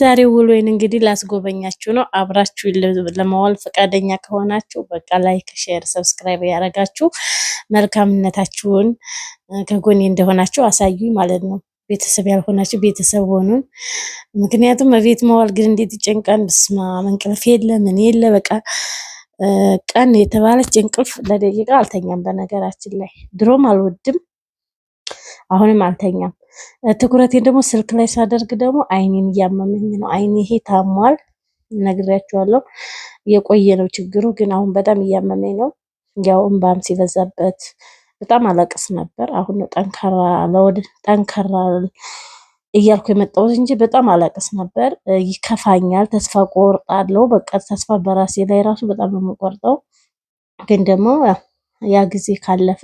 ዛሬ ውሎዬን እንግዲህ ላስጎበኛችሁ ነው። አብራችሁ ለመዋል ፈቃደኛ ከሆናችሁ በቃ ላይክ፣ ሼር፣ ሰብስክራይብ ያደረጋችሁ መልካምነታችሁን ከጎኔ እንደሆናችሁ አሳዩኝ ማለት ነው። ቤተሰብ ያልሆናችሁ ቤተሰብ ሆኑን። ምክንያቱም በቤት መዋል ግን እንዴት ይጨንቃን። ብስማ እንቅልፍ የለ ምን የለ በቃ ቀን የተባለች እንቅልፍ ለደቂቃ አልተኛም። በነገራችን ላይ ድሮም አልወድም አሁንም አልተኛም። ትኩረቴን ደግሞ ስልክ ላይ ሳደርግ ደግሞ አይኔን እያመመኝ ነው። አይኔ ይሄ ታሟል፣ ነግሬያቸዋለሁ። የቆየ ነው ችግሩ፣ ግን አሁን በጣም እያመመኝ ነው። ያው እምባም ሲበዛበት በጣም አለቅስ ነበር። አሁን ነው ጠንካራ ለወደ ጠንካራ እያልኩ የመጣሁት እንጂ በጣም አለቅስ ነበር። ይከፋኛል፣ ተስፋ ቆርጣለሁ። በቃ ተስፋ በራሴ ላይ ራሱ በጣም ነው የምቆርጠው። ግን ደግሞ ያ ጊዜ ካለፈ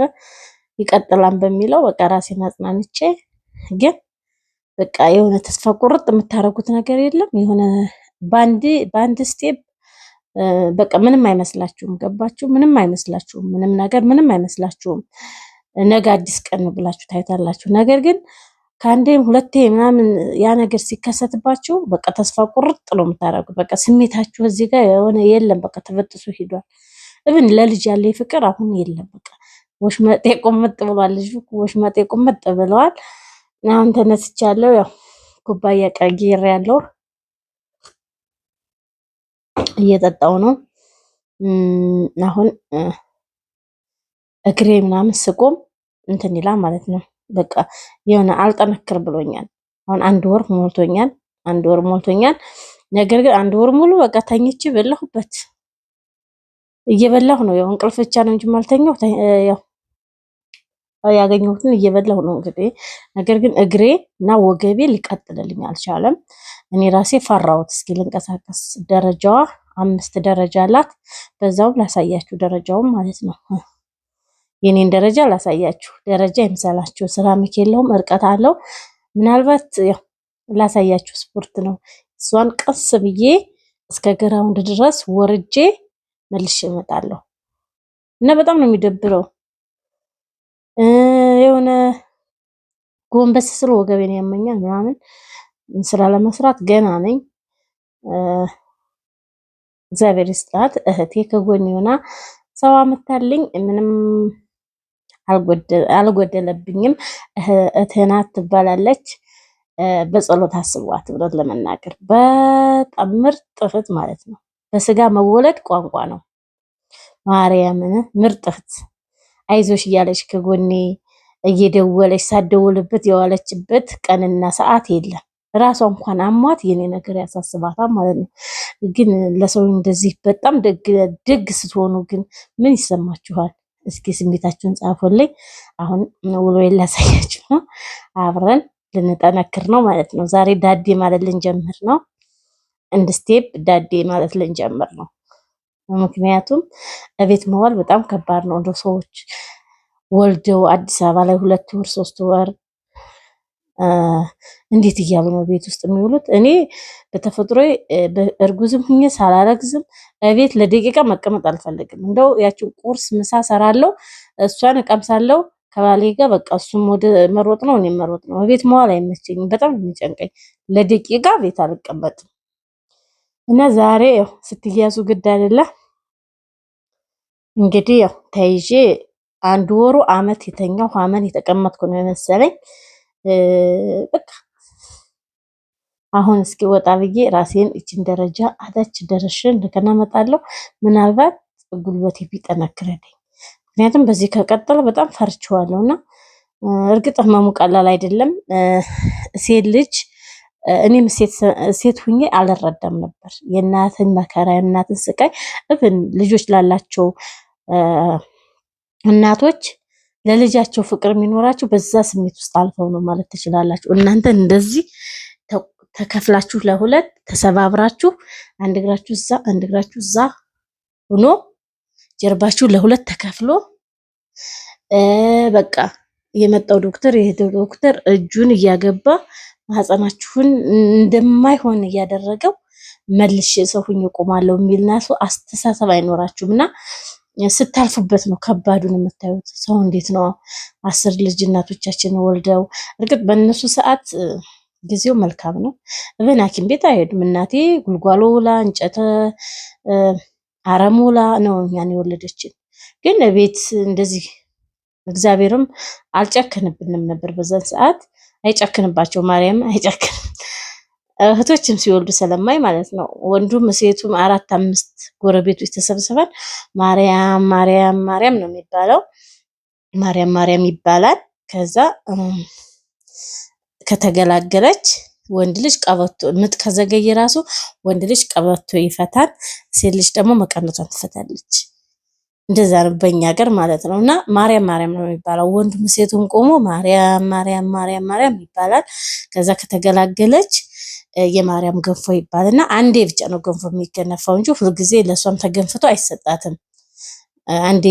ይቀጥላል በሚለው በቃ ራሴን አጽናንቼ ግን በቃ የሆነ ተስፋ ቁርጥ የምታደርጉት ነገር የለም። የሆነ በአንድ በአንድ ስቴፕ በቃ ምንም አይመስላችሁም። ገባችሁ? ምንም አይመስላችሁም። ምንም ነገር ምንም አይመስላችሁም። ነገ አዲስ ቀን ነው ብላችሁ ታይታላችሁ። ነገር ግን ከአንዴም ሁለቴ ምናምን ያ ነገር ሲከሰትባችሁ በቃ ተስፋ ቁርጥ ነው የምታደርጉት። በቃ ስሜታችሁ እዚህ ጋር የሆነ የለም። በቃ ተበጥሶ ሂዷል። እብን ለልጅ ያለ ፍቅር አሁን የለም በቃ ወሽመጤ ቁምጥ ብሏል። ልጁ ወሽመጤ ቁምጥ ብለዋል። አሁን ተነስቻለሁ። ያው ኩባያ ቀጊር ያለው እየጠጣው ነው። አሁን እግሬ ምናምን ስቆም እንትን ይላል ማለት ነው። በቃ የሆነ አልጠነክር ብሎኛል። አሁን አንድ ወር ሞልቶኛል። አንድ ወር ሞልቶኛል። ነገር ግን አንድ ወር ሙሉ በቃ ተኝቼ በላሁበት እየበላሁ ነው። ያው እንቅልፍ ብቻ ነው እንጂ ማልተኛው ያው ያገኘሁትን እየበላሁ ነው እንግዲህ። ነገር ግን እግሬ እና ወገቤ ሊቀጥልልኝ አልቻለም። እኔ ራሴ ፈራሁት። እስኪ ልንቀሳቀስ። ደረጃዋ አምስት ደረጃ አላት። በዛውም ላሳያችሁ ደረጃውም ማለት ነው። የኔን ደረጃ ላሳያችሁ። ደረጃ ይምሰላችሁ፣ ሰራሚክ የለውም፣ እርቀት አለው። ምናልባት ላሳያችሁ ስፖርት ነው። እሷን ቀስ ብዬ እስከ ግራውንድ ድረስ ወርጄ መልሼ እመጣለሁ እና በጣም ነው የሚደብረው የሆነ ጎንበስ ስል ወገቤን ያመኛል ምናምን ስራ ለመስራት ገና ነኝ። እግዚአብሔር ይስጣት እህቴ ከጎን ሆና ሰው አምታልኝ ምንም አልጎደለብኝም። እትናት ትባላለች። በጸሎት አስቧት ብሎት ለመናገር በጣም ምርጥ እህት ማለት ነው። በስጋ መወለድ ቋንቋ ነው። ማርያምን ምርጥ እህት አይዞሽ እያለች ከጎኔ እየደወለች ሳደውልበት የዋለችበት ቀንና ሰዓት የለም። ራሷ እንኳን አሟት የኔ ነገር ያሳስባታል ማለት ነው። ግን ለሰው እንደዚህ በጣም ደግ ስትሆኑ ግን ምን ይሰማችኋል? እስኪ ስሜታችሁን ጻፉልኝ። አሁን ውሎ ላሳያችሁ ነው። አብረን ልንጠነክር ነው ማለት ነው። ዛሬ ዳዴ ማለት ልንጀምር ነው። እንድስቴፕ ዳዴ ማለት ልንጀምር ነው። ምክንያቱም እቤት መዋል በጣም ከባድ ነው። እንደ ሰዎች ወልደው አዲስ አበባ ላይ ሁለት ወር ሶስት ወር እንዴት እያሉ ነው ቤት ውስጥ የሚውሉት? እኔ በተፈጥሮ እርጉዝም ሁኜ ሳላረግዝም እቤት ለደቂቃ መቀመጥ አልፈልግም። እንደው ያችን ቁርስ ምሳ ሰራለው፣ እሷን እቀምሳለው ከባሌ ጋር በቃ እሱም ወደ መሮጥ ነው እኔ መሮጥ ነው። ቤት መዋል አይመቸኝም፣ በጣም የሚጨንቀኝ ለደቂቃ ቤት አልቀመጥም። እና ዛሬ ያው ስትያዙ ግድ አይደለ እንግዲህ ያው ተይዤ አንድ ወሩ አመት የተኛው አመት የተቀመጥኩ ነው የመሰለኝ። በቃ አሁን እስኪ ወጣ ብዬ ራሴን እችን ደረጃ አታች ደረሽን እንደገና መጣለሁ። ምናልባት ጉልበቴ ቢጠነክርልኝ፣ ምክንያቱም በዚህ ከቀጠለ በጣም ፈርችዋለሁ እና እርግጥ ህመሙ ቀላል አይደለም። ሴት ልጅ እኔም ሴት ሁኜ አልረዳም ነበር የእናትን መከራ የእናትን ስቃይ እብን ልጆች ላላቸው እናቶች ለልጃቸው ፍቅር የሚኖራቸው በዛ ስሜት ውስጥ አልፈው ነው ማለት ትችላላችሁ። እናንተ እንደዚህ ተከፍላችሁ ለሁለት ተሰባብራችሁ አንድ እግራችሁ እዛ አንድ እግራችሁ እዛ ሆኖ ጀርባችሁ ለሁለት ተከፍሎ በቃ የመጣው ዶክተር ይሄ ዶክተር እጁን እያገባ ማህፀናችሁን እንደማይሆን እያደረገው መልሼ ሰው ሁኜ እቆማለሁ የሚልና ሰው አስተሳሰብ አይኖራችሁም እና ስታልፉበት ነው ከባዱን የምታዩት። ሰው እንዴት ነው አስር ልጅ እናቶቻችን ወልደው። እርግጥ በእነሱ ሰዓት ጊዜው መልካም ነው። እብን ሐኪም ቤት አይሄዱም። እናቴ ጉልጓሎ ውላ እንጨተ አረም ነው እኛን የወለደችን። ግን ቤት እንደዚህ እግዚአብሔርም አልጨክንብንም ነበር በዛን ሰዓት አይጨክንባቸው ማርያም አይጨክንም። እህቶችም ሲወልዱ ስለማይ ማለት ነው። ወንዱም ሴቱም አራት አምስት ጎረቤቶች ተሰብስበን ማርያም ማርያም ማርያም ነው የሚባለው። ማርያም ማርያም ይባላል። ከዛ ከተገላገለች ወንድ ልጅ ቀበቶ ምጥ ከዘገይ ራሱ ወንድ ልጅ ቀበቶ ይፈታል፣ ሴት ልጅ ደግሞ መቀነቷን ትፈታለች። እንደዛ ነው በእኛ ሀገር ማለት ነው። እና ማርያም ማርያም ነው የሚባለው። ወንዱም ሴቱም ቆሞ ማርያም ማርያም ማርያም ማርያም ይባላል። ከዛ ከተገላገለች የማርያም ገንፎ ይባልና አንዴ ብቻ ነው ገንፎ የሚገነፋው እንጂ ጊዜ ለእሷም ተገንፍቶ አይሰጣትም። አንዴ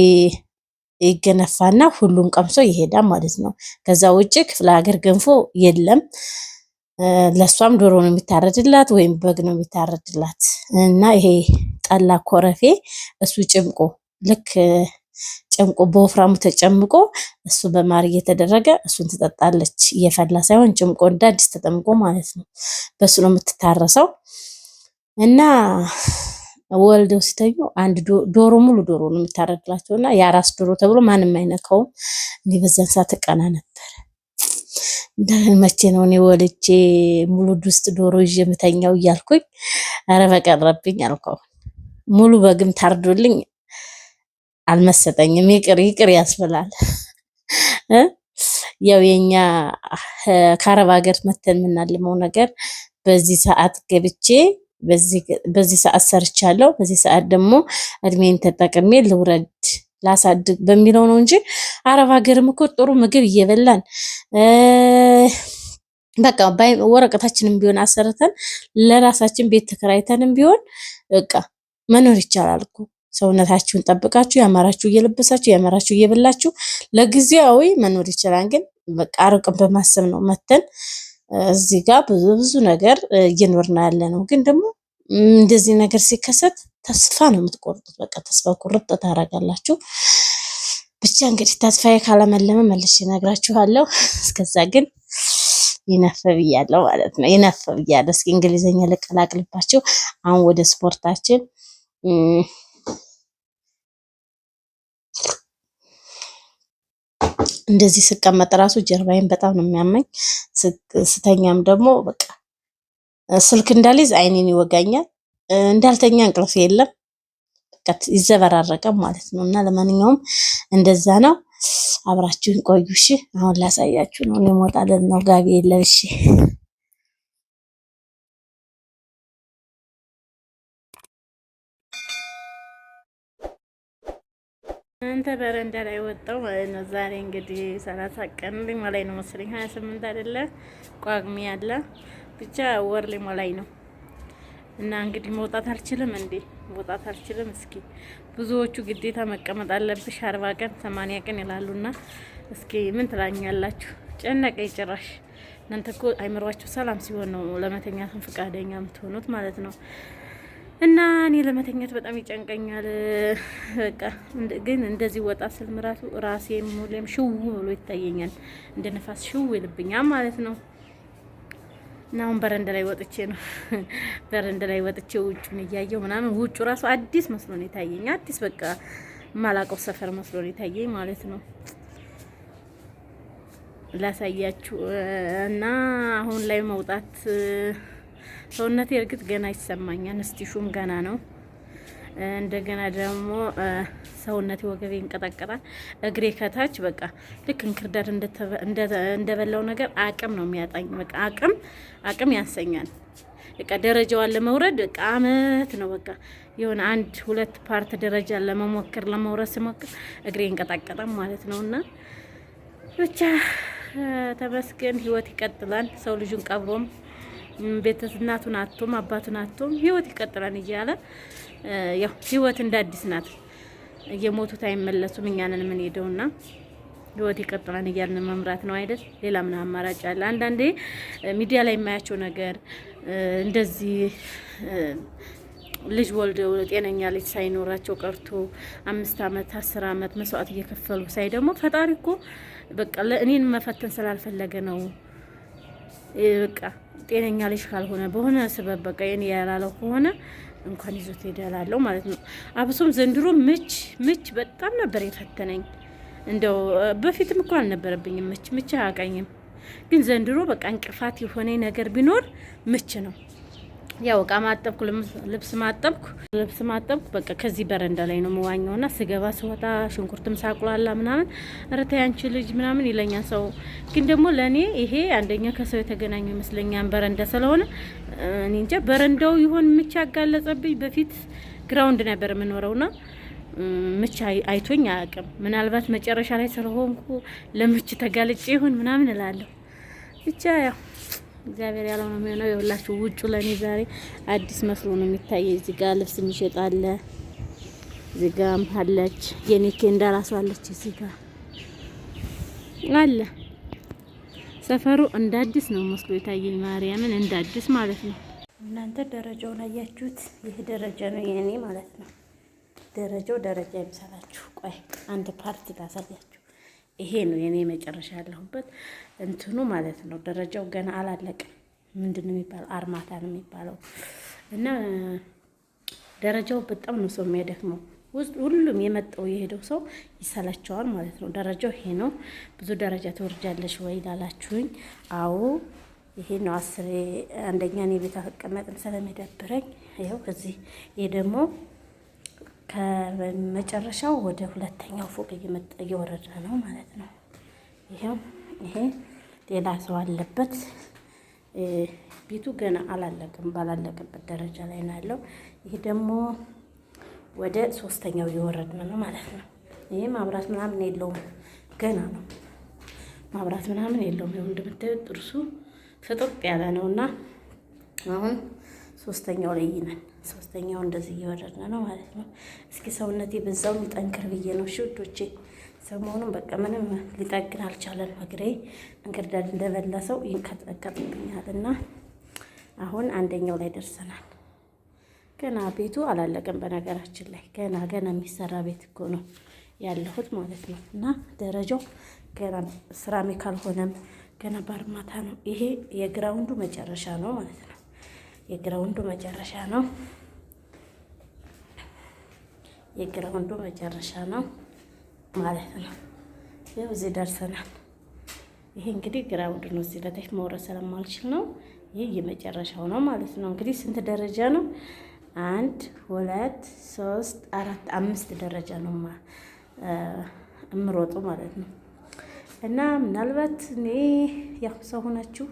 ይገነፋና ሁሉም ቀምሶ ይሄዳል ማለት ነው። ከዛ ውጭ ክፍለ ሀገር ገንፎ የለም። ለእሷም ዶሮ ነው የሚታረድላት ወይም በግ ነው የሚታረድላት እና ይሄ ጠላ ኮረፌ እሱ ጭምቆ ልክ ጨምቆ በወፍራሙ ተጨምቆ እሱ በማር እየተደረገ እሱን ትጠጣለች። እየፈላ ሳይሆን ጭምቆ እንደ አዲስ ተጠምቆ ማለት ነው። በእሱ ነው የምትታረሰው እና ወልደው ሲተኙ አንድ ዶሮ ሙሉ ዶሮ ነው የሚታረድላቸው እና የአራስ ዶሮ ተብሎ ማንም አይነካውም። እኔ በዛን ሰዓት እቀና ነበር። መቼ ነው እኔ ወልጄ ሙሉ ድስት ዶሮ ይዤ የምተኛው እያልኩኝ ኧረ በቀረብኝ አልኳው። ሙሉ በግም ታርዶልኝ አልመሰጠኝም። ይቅር ይቅር ያስብላል። ያው የኛ ከአረብ ሀገር መተን የምናልመው ነገር በዚህ ሰዓት ገብቼ በዚህ ሰዓት ሰርቻለሁ፣ በዚህ ሰዓት ደግሞ እድሜን ተጠቅሜ ልውረድ ላሳድግ በሚለው ነው እንጂ አረብ ሀገርም እኮ ጥሩ ምግብ እየበላን በቃ ወረቀታችንም ቢሆን አሰርተን ለራሳችን ቤት ተከራይተንም ቢሆን በቃ መኖር ይቻላል እኮ ሰውነታችሁን ጠብቃችሁ ያማራችሁ እየለበሳችሁ ያማራችሁ እየበላችሁ ለጊዜያዊ መኖር ይችላል። ግን በቃ አርቅን በማሰብ ነው መተን እዚህ ጋር ብዙ ብዙ ነገር እየኖርና ያለ ነው። ግን ደግሞ እንደዚህ ነገር ሲከሰት ተስፋ ነው የምትቆርጡት። በቃ ተስፋ ቁርጥ ታደርጋላችሁ። ብቻ እንግዲህ ተስፋዬ ካለመለመ መልሼ እነግራችኋለሁ። እስከዛ ግን ይነፍ ብያለሁ ማለት ነው። ይነፍ ብያለሁ። እስኪ እንግሊዝኛ ልቀላቅልባችሁ። አሁን ወደ ስፖርታችን እንደዚህ ስቀመጥ ራሱ ጀርባዬን በጣም ነው የሚያመኝ። ስተኛም ደግሞ በቃ ስልክ እንዳልይዝ አይኔን ይወጋኛል። እንዳልተኛ እንቅልፍ የለም። በቃ ይዘበራረቀ ማለት ነው። እና ለማንኛውም እንደዛ ነው። አብራችሁን ቆዩ እሺ። አሁን ላሳያችሁ ነው። እኔ ወጣ ነው ጋቢ የለም እሺ አንተ በረንዳ ላይ ወጣው ማለት ነው። ዛሬ እንግዲህ ሰላሳ ቀን ሊሞላኝ ነው መሰለኝ፣ ሀያ ስምንት አይደለ ቋግሜ ያለ ብቻ ወር ሊሞላኝ ነው። እና እንግዲህ መውጣት አልችልም እንዴ መውጣት አልችልም። እስኪ ብዙዎቹ ግዴታ መቀመጥ አለብሽ አርባ ቀን ሰማንያ ቀን ይላሉና እስኪ ምን ትላኛላችሁ? ጨነቀኝ ጭራሽ። እናንተ እኮ አይምሯችሁ ሰላም ሲሆን ነው ለመተኛትን ፈቃደኛ የምትሆኑት ማለት ነው። እና እኔ ለመተኛት በጣም ይጨንቀኛል። በቃ ግን እንደዚህ ወጣ ስል ምራቱ ራሴ ሙሌም ሽው ብሎ ይታየኛል፣ እንደ ነፋስ ሽው ይልብኛል ማለት ነው። እና አሁን በረንዳ ላይ ወጥቼ ነው በረንዳ ላይ ወጥቼ ውጩን እያየው ምናምን ውጩ ራሱ አዲስ መስሎ ነው የታየኝ። አዲስ በቃ ማላቀው ሰፈር መስሎ ነው የታየኝ ማለት ነው። ላሳያችሁ እና አሁን ላይ መውጣት ሰውነቴ እርግጥ ገና ይሰማኛል፣ ሹም ገና ነው። እንደገና ደግሞ ሰውነቴ ወገቤ ይንቀጠቀጣል። እግሬ ከታች በቃ ልክ እንክርዳድ እንደበላው ነገር አቅም ነው የሚያጣኝ። በቃ አቅም አቅም ያንሰኛል። በቃ ደረጃዋን ለመውረድ በቃ አመት ነው በቃ የሆነ አንድ ሁለት ፓርት ደረጃ ለመሞከር ለመውረድ ስሞክር እግሬ ይንቀጠቀጣል ማለት ነው እና ብቻ ተመስገን ህይወት ይቀጥላል። ሰው ልጁን ቀብሮም ቤተሰብ እናቱን አቶም አባቱን አቶም ህይወት ይቀጥላል እያለ ያው ህይወት እንደ አዲስ ናት። እየሞቱት አይመለሱም። እኛንን ምን ሄደውና ህይወት ይቀጥላል እያልን መምራት ነው አይደል? ሌላ ምን አማራጭ አለ? አንዳንዴ ሚዲያ ላይ የማያቸው ነገር እንደዚህ ልጅ ወልደው ጤነኛ ልጅ ሳይኖራቸው ቀርቶ አምስት አመት አስር አመት መስዋዕት እየከፈሉ ሳይ ደግሞ ፈጣሪ እኮ በቃ እኔን መፈተን ስላልፈለገ ነው በቃ ጤነኛ ልጅ ካልሆነ በሆነ ስበብ በቃ የኔ ያላለው ከሆነ እንኳን ይዞት ይደላለው ማለት ነው። አብሶም ዘንድሮ ምች ምች በጣም ነበር የፈተነኝ። እንደው በፊትም እኮ አልነበረብኝም ምች ምች አያቀኝም፣ ግን ዘንድሮ በቃ እንቅፋት የሆነ ነገር ቢኖር ምች ነው። ያው እቃ ማጠብኩ፣ ልብስ ማጠብኩ፣ ልብስ ማጠብኩ። በቃ ከዚህ በረንዳ ላይ ነው መዋኘው እና ስገባ ስወጣ ሽንኩርትም ሳቁላላ ምናምን እርታ ያንቺ ልጅ ምናምን ይለኛ ሰው። ግን ደግሞ ለእኔ ይሄ አንደኛ ከሰው የተገናኙ ይመስለኛል በረንዳ ስለሆነ እኔ እንጃ በረንዳው ይሆን ምቻ ያጋለጸብኝ። በፊት ግራውንድ ነበር ና ምች አይቶኝ አያውቅም። ምናልባት መጨረሻ ላይ ስለሆንኩ ለምች ተጋልጬ ይሁን ምናምን እላለሁ ብቻ ያው እግዚአብሔር ያለው ነው የሚሆነው። የሁላችሁ ውጩ ለእኔ ዛሬ አዲስ መስሎ ነው የሚታየ እዚህ ጋር ልብስ የሚሸጥ አለ፣ እዚህ ጋም አለች፣ የኔ ኬንዳ ራሱ አለች፣ እዚህ ጋር አለ። ሰፈሩ እንደ አዲስ ነው መስሎ የታየኝ ማርያምን፣ እንደ አዲስ ማለት ነው። እናንተ ደረጃውን አያችሁት? ይህ ደረጃ ነው የኔ ማለት ነው። ደረጃው ደረጃ ይምሰላችሁ። ቆይ አንድ ፓርቲ ላሳያችሁ። ይሄ ነው የኔ መጨረሻ ያለሁበት እንትኑ ማለት ነው። ደረጃው ገና አላለቅም። ምንድን ነው የሚባለው? አርማታ ነው የሚባለው እና ደረጃው በጣም ነው ሰው የሚያደክመው። ውስጥ ሁሉም የመጣው የሄደው ሰው ይሰላቸዋል ማለት ነው። ደረጃው ይሄ ነው። ብዙ ደረጃ ትወርጃለሽ ወይ ላላችሁኝ፣ አዎ ይሄ ነው። አስሬ አንደኛ እኔ ቤት አቀመጥም ስለሚደብረኝ ይኸው እዚህ ይሄ ደግሞ ከመጨረሻው ወደ ሁለተኛው ፎቅ እየወረደ ነው ማለት ነው። ይሄው ይሄ ሌላ ሰው አለበት። ቤቱ ገና አላለቅም፣ ባላለቀበት ደረጃ ላይ ነው ያለው። ይሄ ደግሞ ወደ ሶስተኛው እየወረድን ነው ማለት ነው። ይሄ ማብራት ምናምን የለውም፣ ገና ነው። ማብራት ምናምን የለውም። ይኸው እንደምታዩት ጥርሱ ፍጥጥ ያለ ነው እና አሁን ሶስተኛው ላይ ይናል ሶስተኛው እንደዚህ እየወረድን ነው ማለት ነው። እስኪ ሰውነት በዛው ጠንክር ብዬ ነው ሽዶቼ ሰሞኑን በቃ ምንም ሊጠግን አልቻለም። እግሬ እንክርዳድ እንደበላ ሰው ይንቀጠቀጥብኛል እና አሁን አንደኛው ላይ ደርሰናል። ገና ቤቱ አላለቀም። በነገራችን ላይ ገና ገና የሚሰራ ቤት እኮ ነው ያለሁት ማለት ነው። እና ደረጃው ገና ስራሜ ካልሆነም ገና ባርማታ ነው። ይሄ የግራውንዱ መጨረሻ ነው ማለት ነው። የግራውንዱ መጨረሻ ነው። የግራውንዱ መጨረሻ ነው ማለት ነው። ይኸው እዚህ ደርሰናል። ይሄ እንግዲህ ግራውንድ ነው። እዚህ ለታች መውረድ ስለማልችል ነው። ይህ የመጨረሻው ነው ማለት ነው። እንግዲህ ስንት ደረጃ ነው? አንድ ሁለት ሶስት አራት አምስት ደረጃ ነው እምሮጡ ማለት ነው። እና ምናልባት እኔ ያው ሰው ሆናችሁ